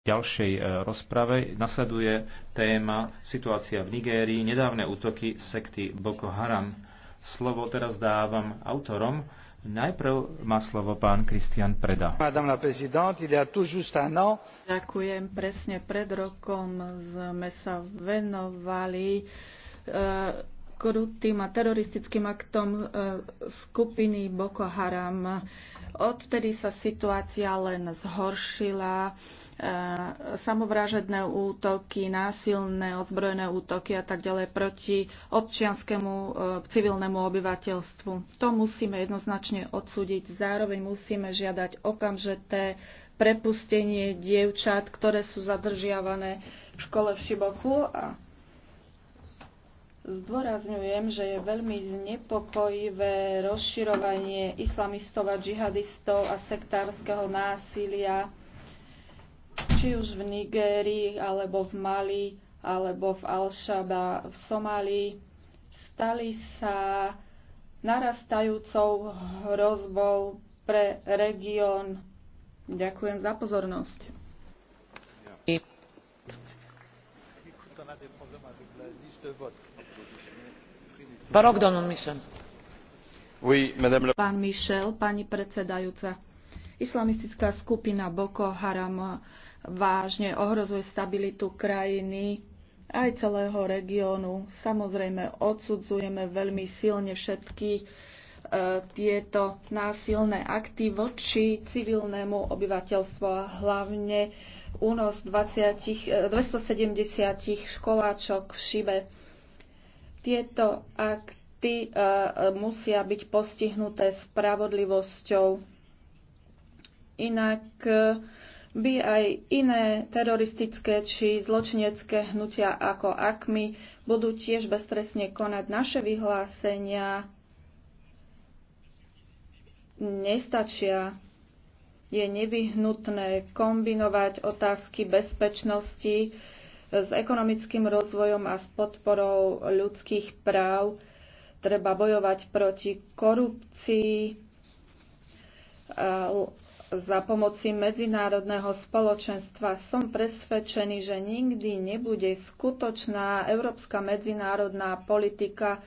ďalšej e, rozprave nasleduje téma situácia v Nigérii, nedávne útoky sekty Boko Haram. Slovo teraz dávam autorom. Najprv má slovo pán Kristian Preda. Ďakujem. Presne pred rokom sme sa venovali e, krutým a teroristickým aktom e, skupiny Boko Haram. Odtedy sa situácia len zhoršila Eh, samovražedné útoky, násilné ozbrojené útoky a tak ďalej proti občianskému eh, civilnému obyvateľstvu. To musíme jednoznačne odsúdiť. Zároveň musíme žiadať okamžité prepustenie dievčat, ktoré sú zadržiavané v škole v Šiboku a Zdôrazňujem, že je veľmi znepokojivé rozširovanie islamistov a džihadistov a sektárskeho násilia či už v Nigérii, alebo v Mali, alebo v Al-Shaba, v Somálii, stali sa narastajúcou hrozbou pre región. Ďakujem za pozornosť. Pán Michel, pani predsedajúca. Islamistická skupina Boko Haram vážne ohrozuje stabilitu krajiny aj celého regiónu. Samozrejme, odsudzujeme veľmi silne všetky e, tieto násilné akty voči civilnému obyvateľstvu a hlavne únos 20, 270 e, školáčok v Šibe. Tieto akty e, e, musia byť postihnuté spravodlivosťou. Inak e, by aj iné teroristické či zločinecké hnutia ako AKMI budú tiež bezstresne konať naše vyhlásenia nestačia. Je nevyhnutné kombinovať otázky bezpečnosti s ekonomickým rozvojom a s podporou ľudských práv. Treba bojovať proti korupcii, za pomoci medzinárodného spoločenstva. Som presvedčený, že nikdy nebude skutočná európska medzinárodná politika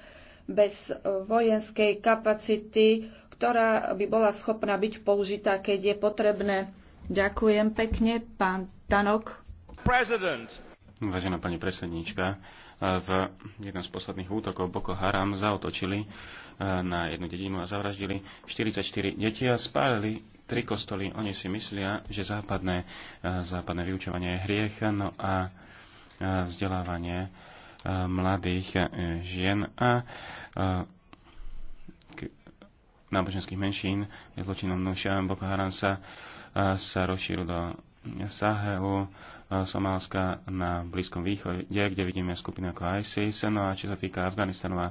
bez e, vojenskej kapacity, ktorá by bola schopná byť použitá, keď je potrebné. Ďakujem pekne, pán Tanok. President. Vážená pani predsednička, e, v jednom z posledných útokov Boko Haram zautočili e, na jednu dedinu a zavraždili 44 deti a spálili tri kostoly, oni si myslia, že západné, e, západné vyučovanie je hriech, no a e, vzdelávanie e, mladých žien a náboženských menšín je zločinom Nuša no, Boko Haram sa, sa rozšíru do Sahelu, eh, Somálska na Blízkom východe, kde vidíme skupiny ako ISIS. No a čo sa týka Afganistanu a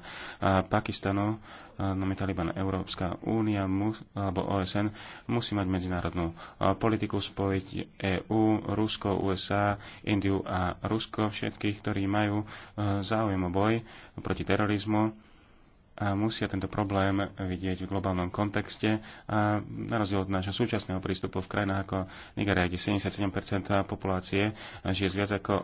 Pakistanu, eh, no my Taliban Európska únia mus, alebo OSN musí mať medzinárodnú eh, politiku spojiť EÚ, Rusko, USA, Indiu a Rusko, všetkých, ktorí majú záujem o boj proti terorizmu a musia tento problém vidieť v globálnom kontexte. A na rozdiel od nášho súčasného prístupu v krajinách ako Nigeria, kde 77% populácie žije z viac ako,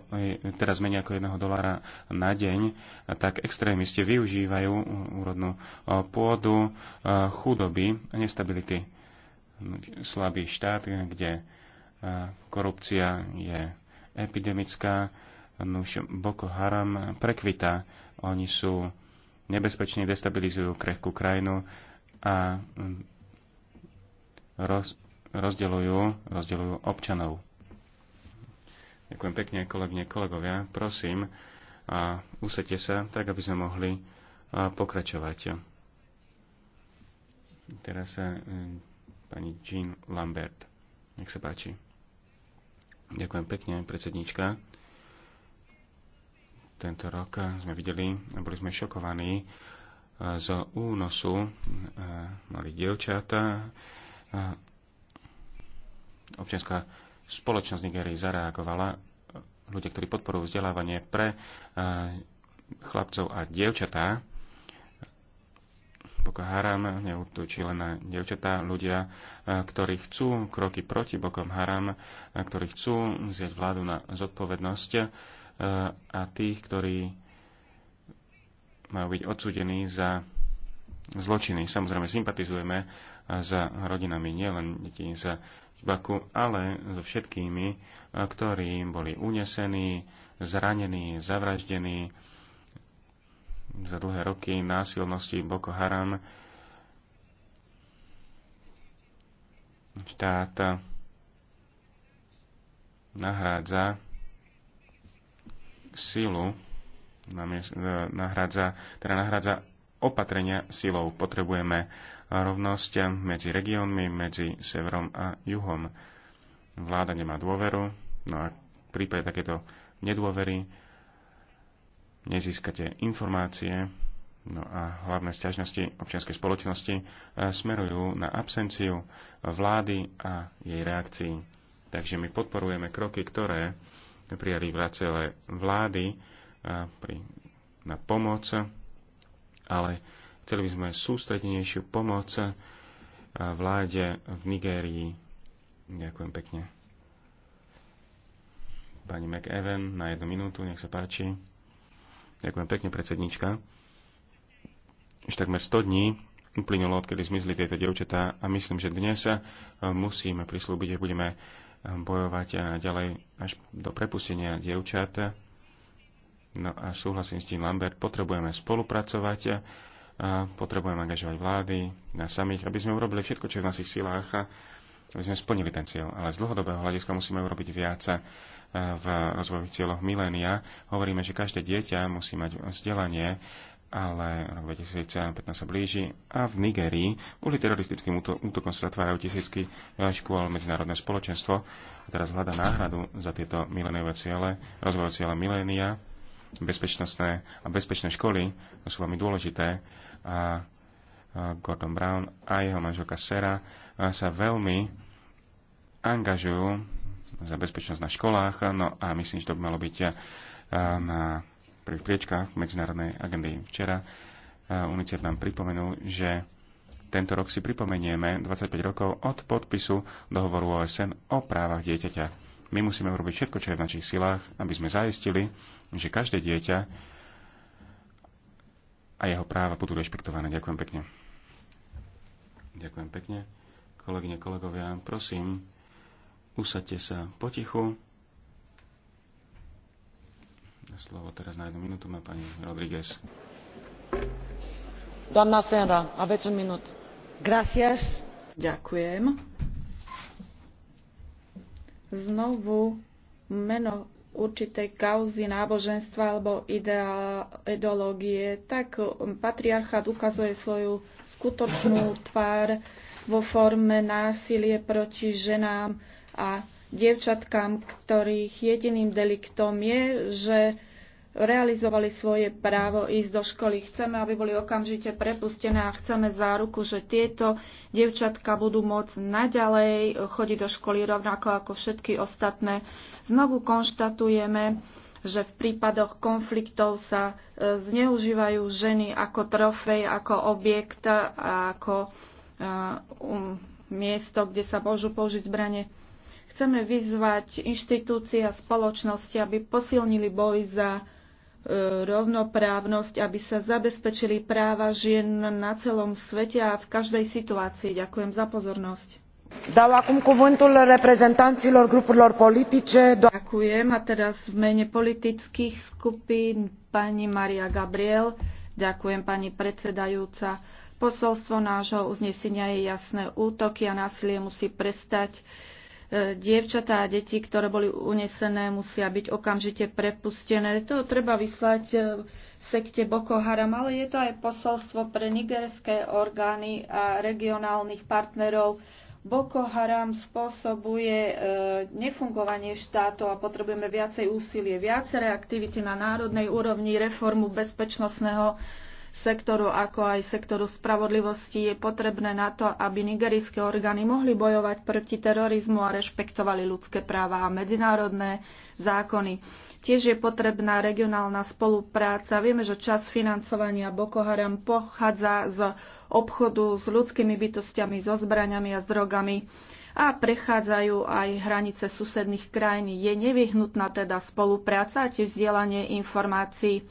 teraz menej ako jedného dolára na deň, tak extrémisti využívajú úrodnú pôdu, chudoby a nestability. Slabý štát, kde korupcia je epidemická, nuž Boko Haram prekvita. Oni sú nebezpečne destabilizujú krehkú krajinu a mm, roz, rozdeľujú, rozdelujú občanov. Ďakujem pekne, kolegyne, kolegovia. Prosím, a usete sa, tak aby sme mohli pokračovať. Teraz sa mm, pani Jean Lambert. Nech sa páči. Ďakujem pekne, predsednička. Tento rok sme videli, boli sme šokovaní e, z únosu e, malých dievčat. E, občianská spoločnosť Nigerii zareagovala. Ľudia, ktorí podporujú vzdelávanie pre chlapcov a dievčatá, Boko Haram neútočí len na devčatá, ľudia, ktorí chcú kroky proti Bokom Haram, ktorí chcú zjať vládu na zodpovednosť, Eh, a tých, ktorí majú byť odsudení za zločiny. Samozrejme sympatizujeme za eh, rodinami, nielen detí z Baku, ale so všetkými, eh, ktorí boli unesení, zranení, zavraždení za dlhé roky násilnosti Boko Haram. Štát nahrádza silu, e, nahradza, teda nahradza opatrenia silou. Potrebujeme rovnosť medzi regiónmi, medzi severom a juhom. Vláda nemá dôveru, no a v prípade takéto nedôvery nezískate informácie, no a hlavné sťažnosti občianskej spoločnosti e, smerujú na absenciu vlády a jej reakcií. Takže my podporujeme kroky, ktoré prijali vracelé vlády pri, na pomoc, ale chceli by sme sústredenejšiu pomoc vláde v Nigérii. Ďakujem pekne. Pani McEwen, na jednu minútu, nech sa páči. Ďakujem pekne, predsednička. Už takmer 100 dní uplynulo, odkedy zmizli tieto devčatá a myslím, že dnes musíme prislúbiť, že budeme bojovať eh, ďalej až do prepustenia dievčat. No a súhlasím s tým Lambert, potrebujeme spolupracovať, eh, potrebujeme angažovať vlády na samých, aby sme urobili všetko, čo je v našich silách a aby sme splnili ten cieľ. Ale z dlhodobého hľadiska musíme urobiť viac eh, v rozvojových cieľoch milénia. Hovoríme, že každé dieťa musí mať vzdelanie ale rok 2015 sa blíži a v Nigerii kvôli teroristickým útokom sa zatvárajú tisícky škôl medzinárodné spoločenstvo a teraz hľada náhradu za tieto milenové ciele, rozvojové ciele milénia, bezpečnostné a bezpečné školy to sú veľmi dôležité a Gordon Brown a jeho manželka Sera sa veľmi angažujú za bezpečnosť na školách, no a myslím, že to by malo byť na prvých priečkách medzinárodnej agendy. Včera eh, UNICEF nám pripomenul, že tento rok si pripomenieme 25 rokov od podpisu dohovoru OSN o právach dieťaťa. My musíme urobiť všetko, čo je v našich silách, aby sme zaistili, že každé dieťa a jeho práva budú rešpektované. Ďakujem pekne. Ďakujem pekne. Kolegyne, kolegovia, prosím, usadte sa potichu. Slovo teraz na jednu minútu má pani Rodriguez. Doamna Senra, aveți un minút. Gracias. Ďakujem. Znovu meno určitej kauzy náboženstva alebo ideológie, tak patriarchát ukazuje svoju skutočnú tvár vo forme násilie proti ženám a dievčatkám, ktorých jediným deliktom je, že realizovali svoje právo ísť do školy. Chceme, aby boli okamžite prepustené a chceme záruku, že tieto dievčatka budú môcť naďalej chodiť do školy rovnako ako všetky ostatné. Znovu konštatujeme, že v prípadoch konfliktov sa e, zneužívajú ženy ako trofej, ako objekt a ako e, um, miesto, kde sa môžu použiť zbranie. Chceme vyzvať inštitúcie a spoločnosti, aby posilnili boj za e, rovnoprávnosť, aby sa zabezpečili práva žien na celom svete a v každej situácii. Ďakujem za pozornosť. Dau acum cuvântul reprezentanților grupurilor politice. Ďakujem a teraz v mene politických skupín pani Maria Gabriel. Ďakujem pani predsedajúca. Posolstvo nášho uznesenia je jasné. Útoky a násilie musí prestať dievčatá a deti, ktoré boli unesené, musia byť okamžite prepustené. To treba vyslať e, sekte Boko Haram, ale je to aj posolstvo pre nigerské orgány a regionálnych partnerov. Boko Haram spôsobuje e, nefungovanie štátu a potrebujeme viacej úsilie, viaceré aktivity na národnej úrovni, reformu bezpečnostného sektoru, ako aj sektoru spravodlivosti je potrebné na to, aby nigerijské orgány mohli bojovať proti terorizmu a rešpektovali ľudské práva a medzinárodné zákony. Tiež je potrebná regionálna spolupráca. Vieme, že čas financovania Boko Haram pochádza z obchodu s ľudskými bytostiami, so zbraniami a s drogami a prechádzajú aj hranice susedných krajín. Je nevyhnutná teda spolupráca a tiež vzdielanie informácií.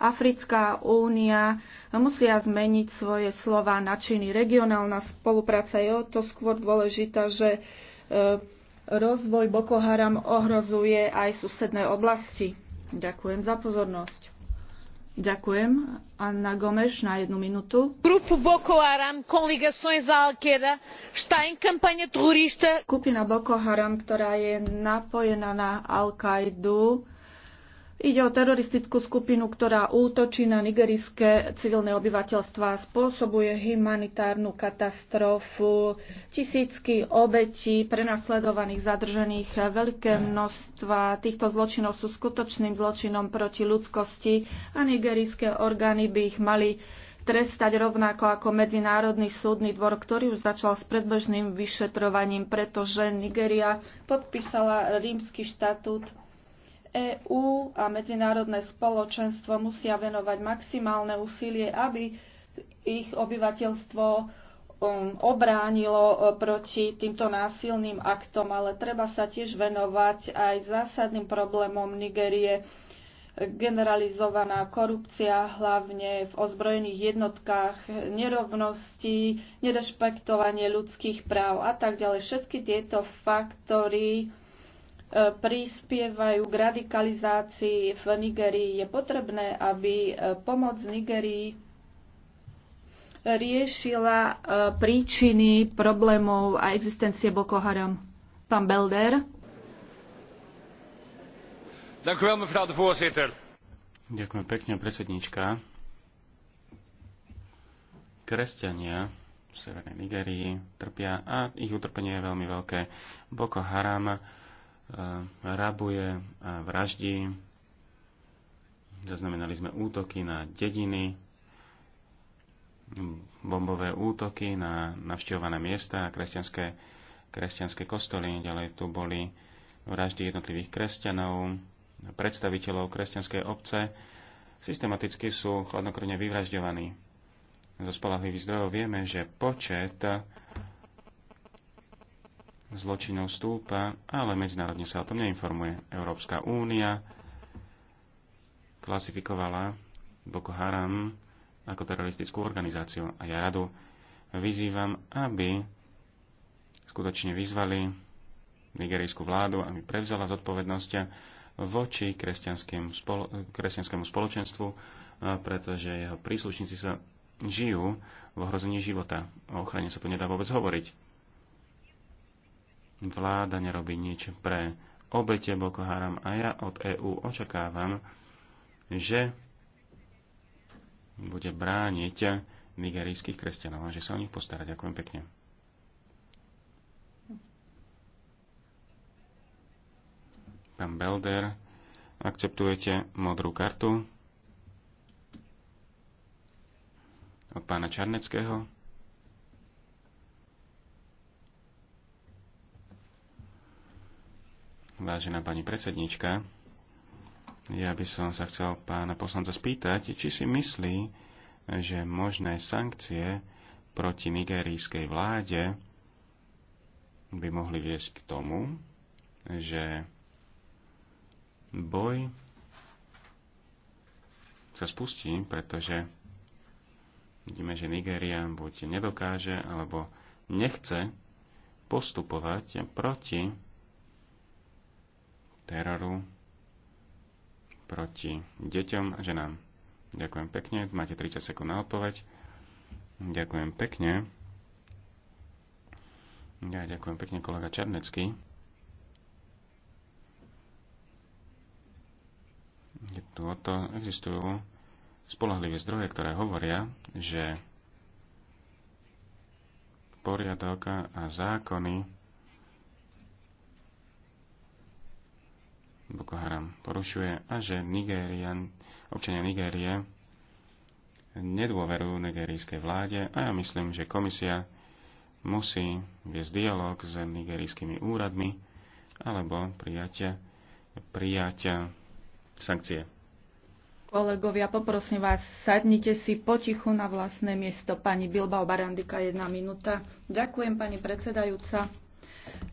Africká únia musia zmeniť svoje slova na činy. Regionálna spolupráca je o to skôr dôležitá, že e, rozvoj Boko Haram ohrozuje aj susedné oblasti. Ďakujem za pozornosť. Ďakujem. Anna Gomes, na jednu minútu. Grupo Boko Haram com ligações Al-Qaeda está terrorista. Skupina Boko Haram, ktorá je napojená na Al-Qaidu, Ide o teroristickú skupinu, ktorá útočí na nigerijské civilné obyvateľstva a spôsobuje humanitárnu katastrofu, tisícky obetí, prenasledovaných, zadržených. Veľké množstva týchto zločinov sú skutočným zločinom proti ľudskosti a nigerijské orgány by ich mali trestať rovnako ako Medzinárodný súdny dvor, ktorý už začal s predbežným vyšetrovaním, pretože Nigeria podpísala rímsky štatút EÚ a medzinárodné spoločenstvo musia venovať maximálne úsilie, aby ich obyvateľstvo um, obránilo uh, proti týmto násilným aktom, ale treba sa tiež venovať aj zásadným problémom Nigérie. Generalizovaná korupcia, hlavne v ozbrojených jednotkách, nerovnosti, nerešpektovanie ľudských práv a tak ďalej. Všetky tieto faktory E, prispievajú k radikalizácii v Nigerii. Je potrebné, aby e, pomoc Nigerii riešila e, príčiny problémov a existencie Boko Haram. Pán Belder. Ďakujem pekne, predsednička. Kresťania v Severnej Nigerii trpia a ich utrpenie je veľmi veľké. Boko Haram rabuje a vraždí. Zaznamenali sme útoky na dediny, bombové útoky na navštevované miesta a kresťanské, kresťanské kostoly. Ďalej tu boli vraždy jednotlivých kresťanov, predstaviteľov kresťanskej obce. Systematicky sú chladnokrvne vyvražďovaní. Zo spolahlivých zdrojov vieme, že počet zločinov stúpa, ale medzinárodne sa o tom neinformuje. Európska únia klasifikovala Boko Haram ako teroristickú organizáciu a ja radu vyzývam, aby skutočne vyzvali nigerijskú vládu, aby prevzala zodpovednosť voči kresťanskému, spolo- kresťanskému spoločenstvu, pretože jeho príslušníci sa žijú v ohrození života. O ochrane sa tu nedá vôbec hovoriť vláda nerobí nič pre obete Boko Haram a ja od EÚ očakávam, že bude brániť nigerijských kresťanov a že sa o nich postará. Ďakujem pekne. Pán Belder, akceptujete modrú kartu od pána Čarneckého? vážená pani predsednička. Ja by som sa chcel pána poslanca spýtať, či si myslí, že možné sankcie proti nigerijskej vláde by mohli viesť k tomu, že boj sa spustí, pretože vidíme, že Nigéria buď nedokáže alebo nechce postupovať proti teroru proti deťom a ženám. Ďakujem pekne, máte 30 sekúnd na odpoveď. Ďakujem pekne. Ja ďakujem pekne kolega Černecký. Je tu o to, existujú spolahlivé zdroje, ktoré hovoria, že poriadok a zákony Boko Haram porušuje a že Nigerian, občania Nigérie nedôverujú nigerijskej vláde a ja myslím, že komisia musí viesť dialog s nigerijskými úradmi alebo prijať, prijať sankcie. Kolegovia, poprosím vás, sadnite si potichu na vlastné miesto. Pani Bilbao Barandika, jedna minúta. Ďakujem, pani predsedajúca.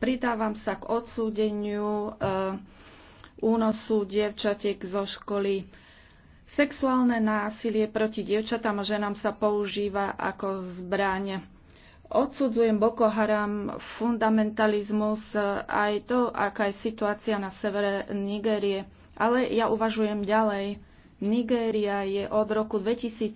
Pridávam sa k odsúdeniu uh, únosu dievčatiek zo školy. Sexuálne násilie proti dievčatám a ženám sa používa ako zbraň. Odsudzujem Boko Haram, fundamentalizmus, aj to, aká je situácia na severe Nigérie. Ale ja uvažujem ďalej. Nigéria je od roku 2013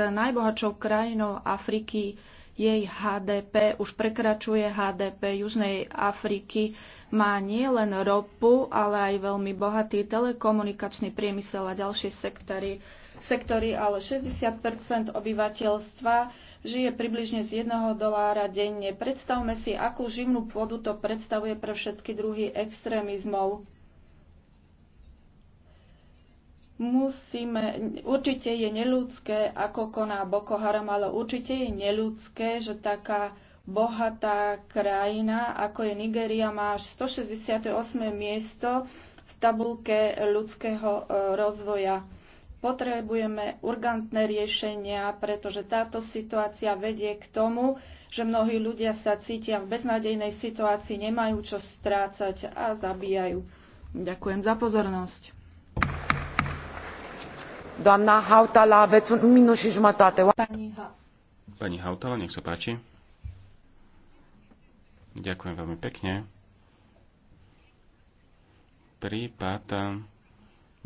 najbohatšou krajinou Afriky jej HDP už prekračuje HDP Južnej Afriky. Má nielen ropu, ale aj veľmi bohatý telekomunikačný priemysel a ďalšie sektory, sektory ale 60 obyvateľstva žije približne z 1 dolára denne. Predstavme si, akú živnú pôdu to predstavuje pre všetky druhy extrémizmov. musíme, určite je neludské, ako koná Boko Haram, ale určite je neludské, že taká bohatá krajina, ako je Nigeria, má až 168. miesto v tabulke ľudského e, rozvoja. Potrebujeme urgentné riešenia, pretože táto situácia vedie k tomu, že mnohí ľudia sa cítia v beznádejnej situácii, nemajú čo strácať a zabíjajú. Ďakujem za pozornosť. Hautala, Pani Hautala, nech sa páči. Ďakujem veľmi pekne. Prípad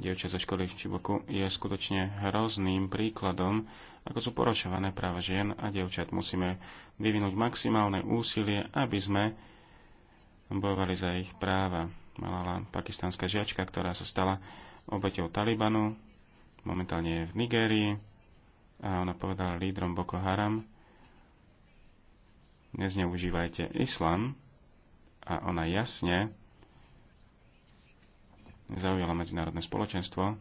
dievča zo školy v Čiboku je skutočne hrozným príkladom, ako sú porošované práva žien a dievčat. Musíme vyvinúť maximálne úsilie, aby sme bojovali za ich práva. Malá pakistánska žiačka, ktorá sa stala obeťou Talibanu, momentálne je v Nigérii a ona povedala lídrom Boko Haram, nezneužívajte islam a ona jasne zaujala medzinárodné spoločenstvo.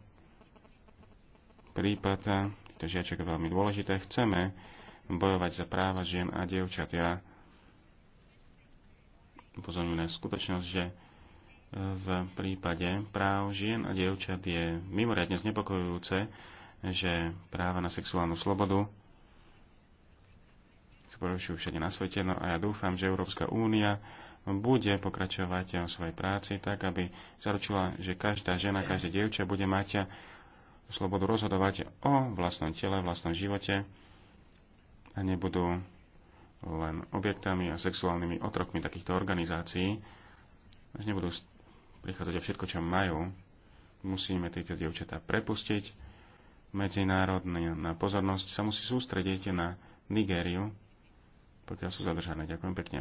Prípad to žiačok je veľmi dôležité. Chceme bojovať za práva žien a dievčat. Ja na skutočnosť, že v prípade práv žien a dievčat je mimoriadne znepokojujúce, že práva na sexuálnu slobodu sa porušujú všade na svete. No a ja dúfam, že Európska únia bude pokračovať o svojej práci tak, aby zaručila, že každá žena, každá dievča bude mať slobodu rozhodovať o vlastnom tele, vlastnom živote a nebudú len objektami a sexuálnymi otrokmi takýchto organizácií, až nebudú prichádzať o všetko, čo majú. Musíme tieto dievčatá prepustiť. Medzinárodná pozornosť sa musí sústrediť na Nigériu, pokiaľ sú zadržané. Ďakujem pekne.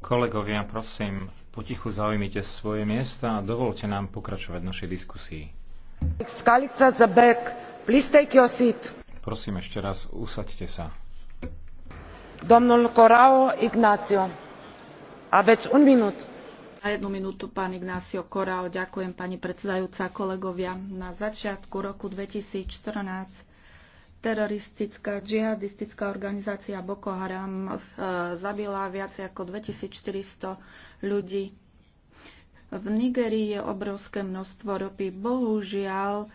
Kolegovia, prosím, potichu zaujímite svoje miesta a dovolte nám pokračovať v našej diskusii. Prosím ešte raz, usaďte sa. Domnul Corao Ignacio na jednu minútu pán Ignácio Korao. Ďakujem pani kolegovia. Na začiatku roku 2014 teroristická džihadistická organizácia Boko Haram e, zabila viac ako 2400 ľudí. V Nigerii je obrovské množstvo ropy. Bohužiaľ,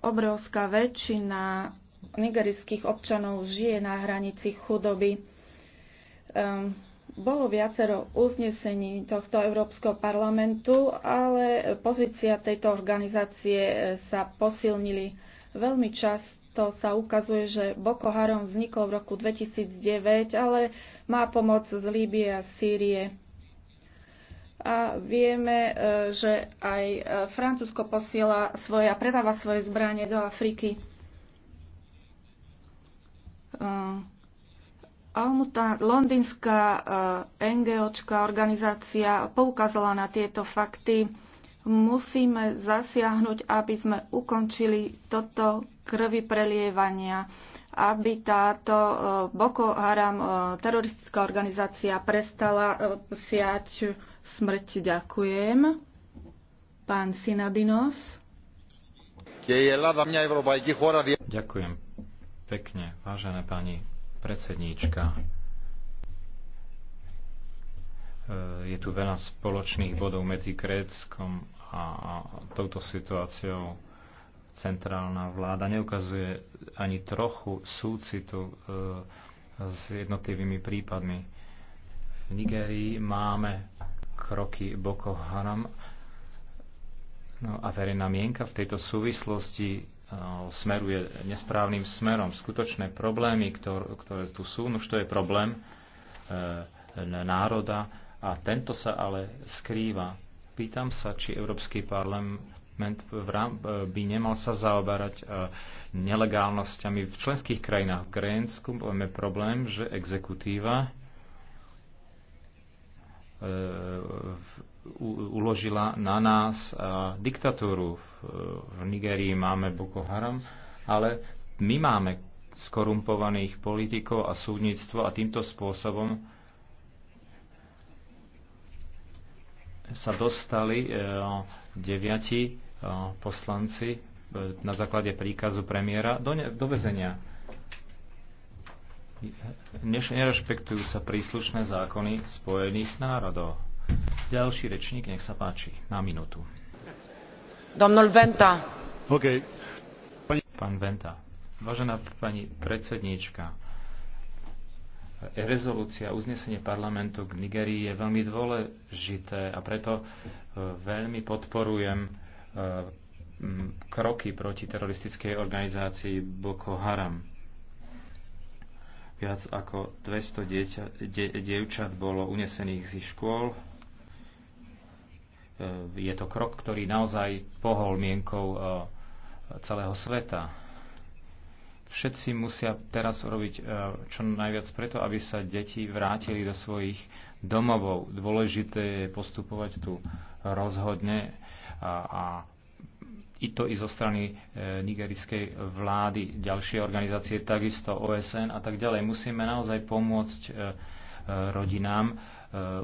obrovská väčšina nigerijských občanov žije na hranici chudoby. Um, bolo viacero uznesení tohto Európskeho parlamentu, ale pozícia tejto organizácie e, sa posilnili. Veľmi často sa ukazuje, že Boko Haram vznikol v roku 2009, ale má pomoc z Líbie a Sýrie. A vieme, e, že aj e, Francúzsko posiela svoje a predáva svoje zbranie do Afriky. Uh Almuta, londýnska eh, NGOčka organizácia poukázala na tieto fakty. Musíme zasiahnuť, aby sme ukončili toto krvi prelievania, aby táto eh, Boko Haram eh, teroristická organizácia prestala siať smrť. Ďakujem. Pán Sinadinos. Ďakujem pekne, vážené pani predsedníčka. E, je tu veľa spoločných bodov medzi Gréckom a touto situáciou. Centrálna vláda neukazuje ani trochu súcitu e, s jednotlivými prípadmi. V Nigerii máme kroky Boko Haram no a verejná mienka v tejto súvislosti Eh, smeruje nesprávnym smerom. Skutočné problémy, ktoré, tu sú, no už to je problém eh, národa a tento sa ale skrýva. Pýtam sa, či Európsky parlament eh, by nemal sa zaoberať nelegálnosťami v členských krajinách. V Grécku máme problém, že exekutíva Eh, uložila na nás eh, diktatúru. V Nigerii máme Boko Haram, ale my máme skorumpovaných politikov a súdnictvo a týmto spôsobom sa dostali eh, deviati poslanci na základe príkazu premiéra do, do vezenia nerešpektujú sa príslušné zákony Spojených národov. Ďalší rečník, nech sa páči, na minútu. Domnul Venta. OK. Pani... Pán Venta. Vážená pani predsedníčka, rezolúcia, uznesenie parlamentu k Nigerii je veľmi dôležité a preto e, veľmi podporujem e, kroky proti teroristickej organizácii Boko Haram Viac ako 200 dieťa, die, dievčat bolo unesených z škôl. E, je to krok, ktorý naozaj pohol mienkou e, celého sveta. Všetci musia teraz robiť e, čo najviac preto, aby sa deti vrátili do svojich domovov. Dôležité je postupovať tu rozhodne a, a i to i zo strany e, nigerickej vlády, ďalšie organizácie, takisto OSN a tak ďalej. Musíme naozaj pomôcť e, e, rodinám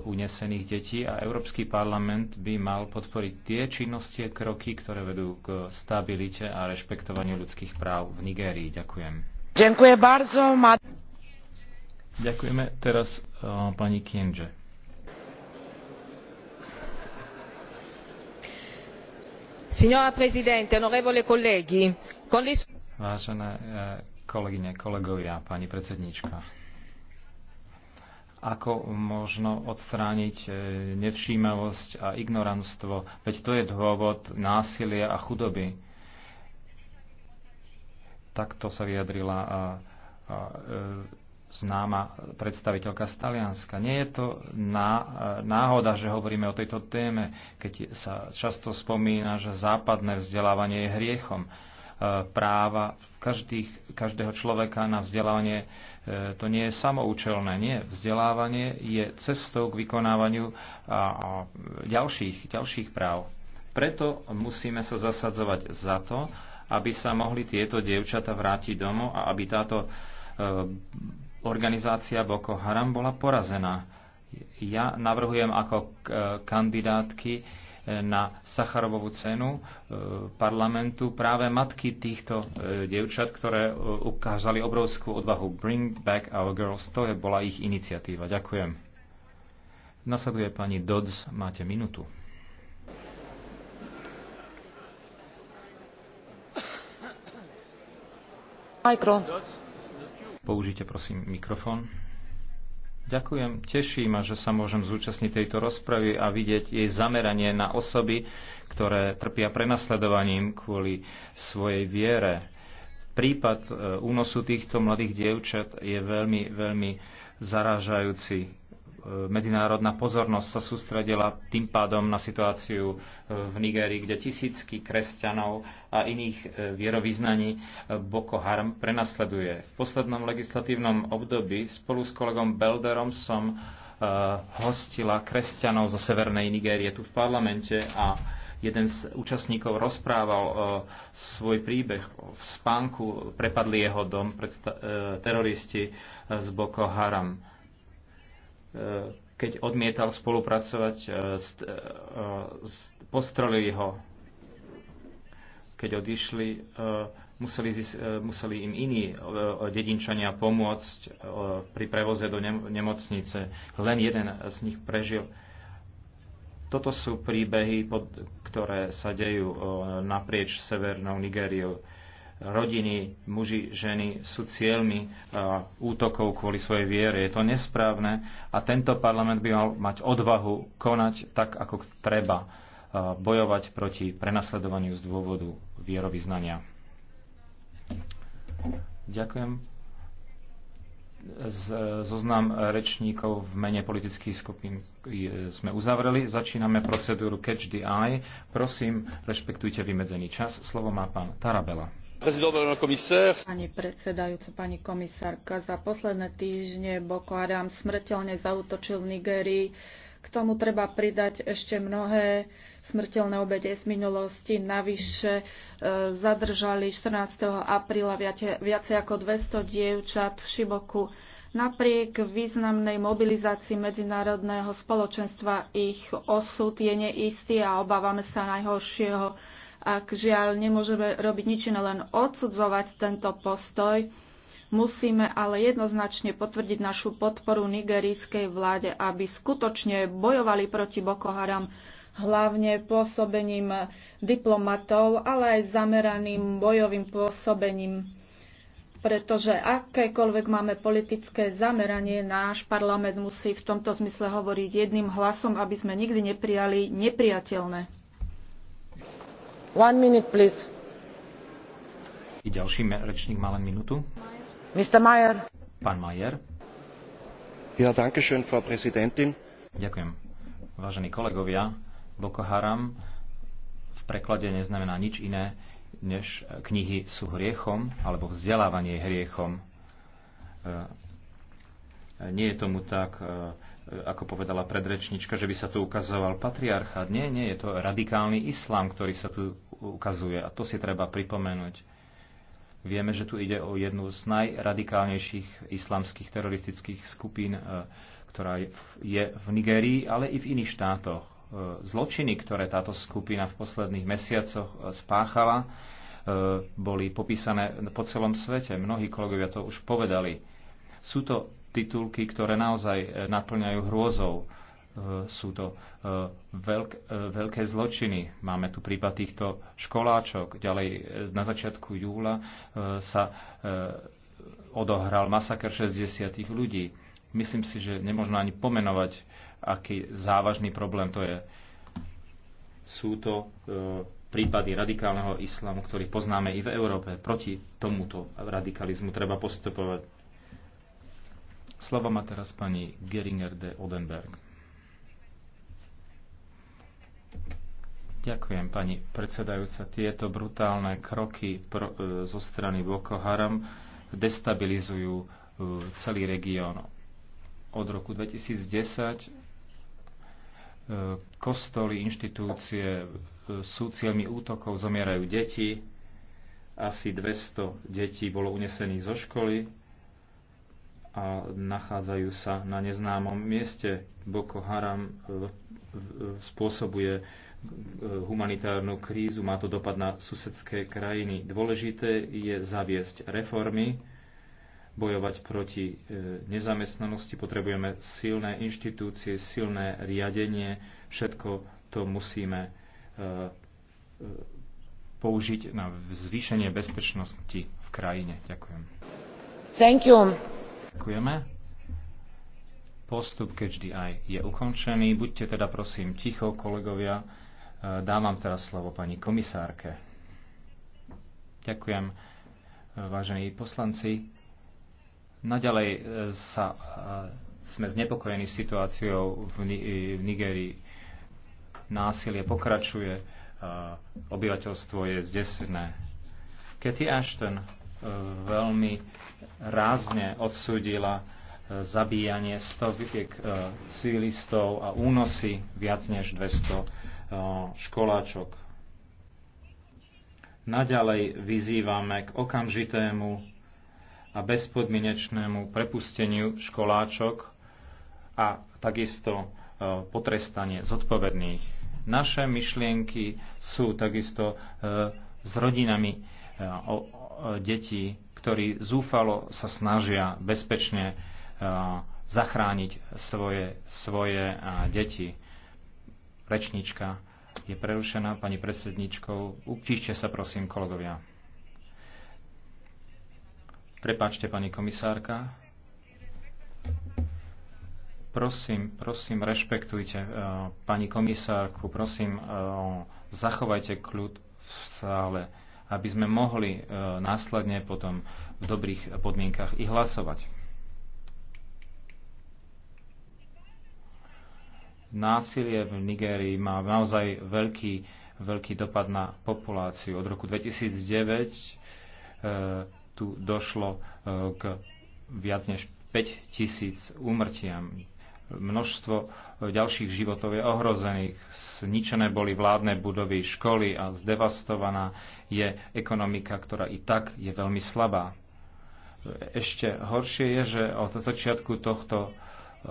unesených detí a Európsky parlament by mal podporiť tie činnosti a kroky, ktoré vedú k stabilite a rešpektovaniu ľudských práv v Nigérii. Ďakujem. Ďakujem bardzo. Ďakujeme teraz pani Kienže. signora presidente onorevoli colleghi con vážené eh, kolegyne kolegovia pani predsedníčka ako možno odstrániť eh, nevšímavosť a ignoranstvo veď to je dôvod násilia a chudoby takto sa vyjadrila a, a, e, známa predstaviteľka z Talianska. Nie je to náhoda, že hovoríme o tejto téme, keď sa často spomína, že západné vzdelávanie je hriechom. E, práva každých, každého človeka na vzdelávanie e, to nie je samoučelné. Nie, vzdelávanie je cestou k vykonávaniu ďalších, ďalších práv. Preto musíme sa zasadzovať za to, aby sa mohli tieto dievčata vrátiť domov a aby táto e, organizácia Boko Haram bola porazená. Ja navrhujem ako e, kandidátky e, na Sacharovovú cenu e, parlamentu práve matky týchto devčat, ktoré ukázali obrovskú odvahu Bring Back Our Girls. To je bola ich iniciatíva. Ďakujem. Nasleduje pani Dodds. Máte minútu. Micro. Použite prosím mikrofón. Ďakujem, teší ma, že sa môžem zúčastniť tejto rozpravy a vidieť jej zameranie na osoby, ktoré trpia prenasledovaním kvôli svojej viere. Prípad e, únosu týchto mladých dievčat je veľmi, veľmi zarážajúci medzinárodná pozornosť sa sústredila tým pádom na situáciu e, v Nigérii, kde tisícky kresťanov a iných e, vierovýznaní e, Boko Haram prenasleduje. V poslednom legislatívnom období spolu s kolegom Belderom som hostila kresťanov zo Severnej Nigérie tu v parlamente a jeden z účastníkov rozprával o svoj príbeh v spánku, prepadli jeho dom teroristi z Boko Haram E, keď odmietal spolupracovať, e, e, postrelili ho. Keď odišli, museli, museli im iní dedinčania pomôcť pri prevoze do nemocnice. Len jeden z nich prežil. Toto sú príbehy, ktoré sa dejú naprieč severnou Nigériou rodiny, muži, ženy sú cieľmi e, útokov kvôli svojej viere. Je to nesprávne a tento parlament by mal mať odvahu konať tak, ako treba e, bojovať proti prenasledovaniu z dôvodu vierovýznania. Ďakujem. Z, e, zoznam rečníkov v mene politických skupín sme uzavreli. Začíname procedúru Catch the Eye. Prosím, rešpektujte vymedzený čas. Slovo má pán Tarabela. Pani predsedajúca, pani komisárka, za posledné týždne Boko Haram smrteľne zaútočil v Nigérii. K tomu treba pridať ešte mnohé smrteľné obete z minulosti. Navyše e, zadržali 14. apríla viacej ako 200 dievčat v Šiboku. Napriek významnej mobilizácii medzinárodného spoločenstva ich osud je neistý a obávame sa najhoršieho ak žiaľ nemôžeme robiť nič iné, len odsudzovať tento postoj, musíme ale jednoznačne potvrdiť našu podporu nigerijskej vláde, aby skutočne bojovali proti Boko Haram, hlavne pôsobením diplomatov, ale aj zameraným bojovým pôsobením. Pretože akékoľvek máme politické zameranie, náš parlament musí v tomto zmysle hovoriť jedným hlasom, aby sme nikdy neprijali nepriateľné. One minute, please. ďalší rečník má len minútu. Mr. Mayer. Pán Mayer. Ja, danke schön, Frau Präsidentin. Ďakujem. Vážení kolegovia, Boko Haram v preklade neznamená nič iné, než knihy sú hriechom, alebo vzdelávanie hriechom. E, nie je tomu tak e, ako povedala predrečnička, že by sa tu ukazoval patriarchát. Nie, nie, je to radikálny islám, ktorý sa tu ukazuje a to si treba pripomenúť. Vieme, že tu ide o jednu z najradikálnejších islamských teroristických skupín, e, ktorá je v Nigérii, ale i v iných štátoch. E, zločiny, ktoré táto skupina v posledných mesiacoch e, spáchala, boli popísané po celom svete. Mnohí kolegovia to už povedali. Sú to titulky, ktoré naozaj e, naplňajú hrôzou. E, sú to e, veľk, veľké zločiny. Máme tu prípad týchto školáčok. Ďalej na začiatku júla sa odohral masaker 60 ľudí. Myslím si, že nemôžno ani pomenovať, aký závažný problém to je. Sú to prípady radikálneho islamu, ktorý poznáme i v Európe. Proti tomuto radikalizmu treba postupovať Slova má teraz pani Geringer de Odenberg. Ďakujem, pani predsedajúca. Tieto brutálne kroky pro, e, zo strany Boko Haram destabilizujú e, celý región. Od roku 2010 e, kostoly, inštitúcie e, sú cieľmi útokov, zomierajú deti. Asi 200 detí bolo unesených zo školy, a nachádzajú sa na neznámom mieste. Boko Haram e, e, spôsobuje e, humanitárnu krízu, má to dopad na susedské krajiny. Dôležité je zaviesť reformy, bojovať proti nezamestnanosti, potrebujeme silné inštitúcie, silné riadenie, všetko to musíme použiť na zvýšenie bezpečnosti v krajine. Ďakujem. Thank you. Ďakujeme. Postup aj je ukončený. Buďte teda prosím ticho, kolegovia. E, Dávam teraz slovo pani komisárke. Ďakujem, e, vážení poslanci. Naďalej e, sa, sme znepokojení situáciou v, v Nigerii. Násilie pokračuje, obyvateľstvo je zdesené. Katie Ashton veľmi rázne odsúdila e, zabíjanie stoviek e, cílistov a únosy viac než 200 e, školáčok. Naďalej vyzývame k okamžitému a bezpodmienečnému prepusteniu školáčok a takisto potrestanie zodpovedných. Naše myšlienky sú takisto s rodinami detí, ktorí zúfalo sa snažia bezpečne e, zachrániť svoje, svoje e, deti. Rečnička je prerušená pani predsedničkou. Utíšte sa prosím, kolegovia. Prepáčte, pani komisárka. Prosím, prosím, rešpektujte uh, pani komisárku, prosím, uh, zachovajte kľud v sále aby sme mohli e, následne potom v dobrých podmienkach i hlasovať. Násilie v Nigérii má naozaj veľký, veľký dopad na populáciu. Od roku 2009 e, tu došlo e, k viac než 5 tisíc úmrtiam množstvo ďalších životov je ohrozených. Zničené boli vládne budovy, školy a zdevastovaná je ekonomika, ktorá i tak je veľmi slabá. Ešte horšie je, že od začiatku tohto e, e,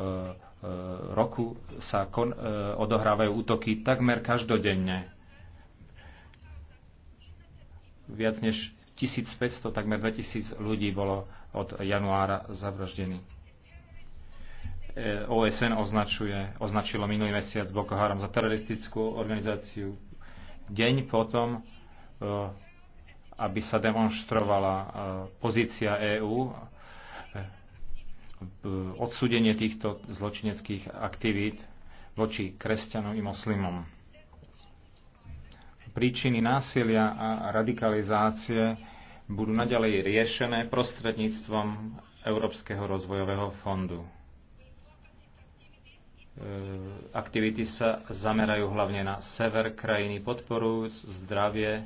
roku sa kon, e, odohrávajú útoky takmer každodenne. Viac než 1500, takmer 2000 ľudí bolo od januára zavraždených E, OSN označuje, označilo minulý mesiac Boko Haram za teroristickú organizáciu. Deň potom, e, aby sa demonštrovala e, pozícia EÚ, odsúdenie týchto zločineckých aktivít voči kresťanom i moslimom. Príčiny násilia a radikalizácie budú naďalej riešené prostredníctvom Európskeho rozvojového fondu. E, aktivity sa zamerajú hlavne na sever krajiny, podporujúc zdravie, e,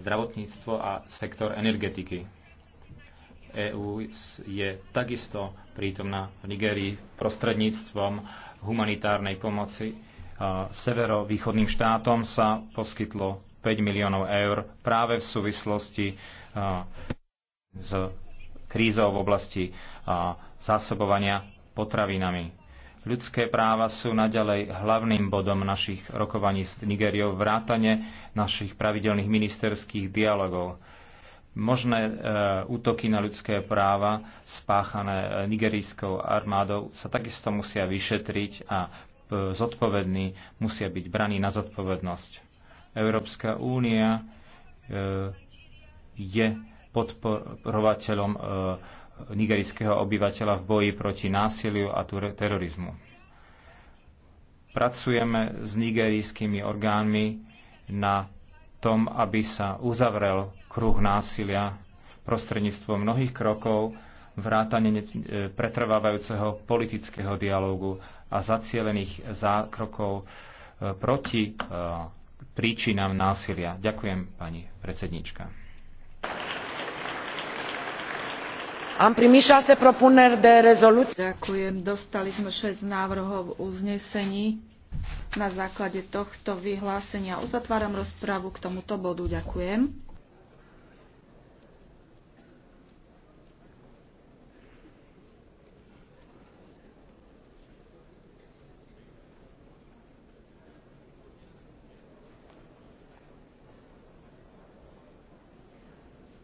zdravotníctvo a sektor energetiky. EÚ je takisto prítomná v Nigerii prostredníctvom humanitárnej pomoci. E, severovýchodným štátom sa poskytlo 5 miliónov eur práve v súvislosti s krízou v oblasti zásobovania potravinami Ľudské práva sú naďalej hlavným bodom našich rokovaní s Nigériou vrátane našich pravidelných ministerských dialogov. Možné e, útoky na ľudské práva spáchané e, nigerijskou armádou sa takisto musia vyšetriť a e, zodpovední musia byť braní na zodpovednosť. Európska únia e, je podporovateľom e, nigerijského obyvateľa v boji proti násiliu a terorizmu. Pracujeme s nigerijskými orgánmi na tom, aby sa uzavrel kruh násilia prostredníctvom mnohých krokov, vrátane e, pretrvávajúceho politického dialógu a zacielených zákrokov e, proti e, príčinám násilia. Ďakujem, pani predsednička. Am primit șase propuneri de rezoluție. Ďakujem. Dostali sme 6 návrhov uznesení. Na základe tohto vyhlásenia uzatváram rozpravu k tomuto bodu. Ďakujem.